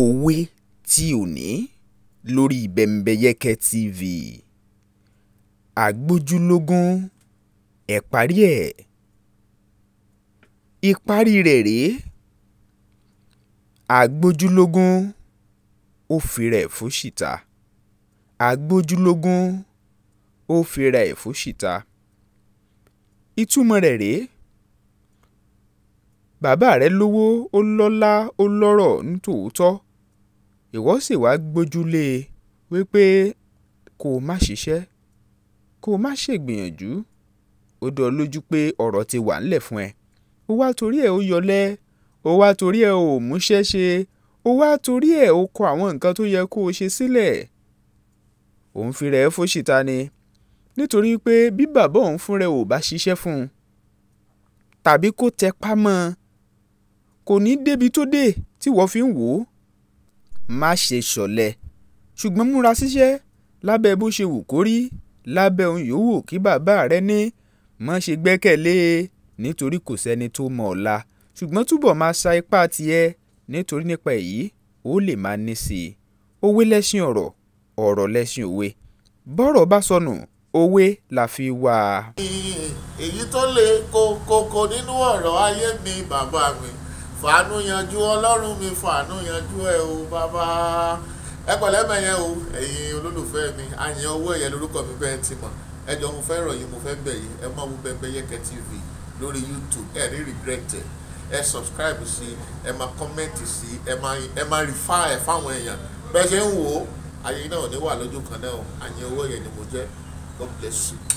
òwe tí òní lórí bẹ́ńbẹ́yẹ́kẹ́ tv àgbójúlógún ẹ̀ parí ẹ̀ ìparí rẹ̀ rèé àgbójúlógún ó fira ẹ̀ fún ṣìta àgbójúlógún ó fira ẹ̀ fún ṣìta ìtumọ̀ rẹ̀ rèé bàbá rẹ lówó ó lọ́lá ó lọ́rọ̀ nítòótọ́ ìwọ sì wáá gbójú lé e wípé kó o má ṣiṣẹ́ kó o má ṣègbìyànjú ó dán lójú pé ọ̀rọ̀ ti wà ńlẹ̀ fún ẹ ó wá torí ẹ̀ ó yọlẹ́ ó wá torí ẹ̀ ó múṣẹ́ ṣe ó wá torí ẹ̀ ó kọ àwọn nǹkan tó yẹ kó o ṣe sílẹ̀ òun fi rẹ̀ fóṣìta ni nítorí pé bí bàbá òun fúnra ẹ̀ ò bá ṣiṣẹ́ fún un tàbí kó tẹpá mọ́ kò ní débi tó dé tí wọ́n fi ń wò ó. má ṣe ṣọ̀lẹ ṣùgbọ́n múra síṣẹ́ lábẹ́ bó ṣe wù kó rí lábẹ́ ohun yòówù kí bàbá rẹ ní má ṣe gbẹ́kẹ̀lé e nítorí kò sẹ́ni tó mọ ọ̀la ṣùgbọ́n túbọ̀ máa sa ipá tiẹ̀ nítorí nípa èyí ó lè máa ní sí i òwe lẹ́ṣin ọ̀rọ̀ ọ̀rọ̀ lẹ́ṣin òwe bọ́rọ̀ bá sọnù òwe la fi wà. èyí tó le kókókó nínú ọ̀rọ̀ ayé mi bàbá mi fàánú yanjú ọlọ́run mi fàánú yanjú ẹ o bàbá ẹ pẹ̀lẹ́ mẹ́yẹn o ẹ̀yin olólùfẹ́ mi àyàn owó ẹ̀yẹ lórúkọ mi bẹ́ẹ̀ ti mọ̀ ẹ jọ mo fẹ́ rọ̀ yín mo fẹ́ bẹ̀ yín ẹ máa wo Bembeyeke TV lórí YouTube ẹ ní regret ẹ ẹ subscribe sí ẹ máa comment sí ẹ máa refer ẹ fáwọn èèyàn bẹ́ẹ̀ ṣe ń wò ó ayé náà ò ní wà lójú kan náà àyàn owó ẹ̀yẹ ni mo jẹ́ God bless you.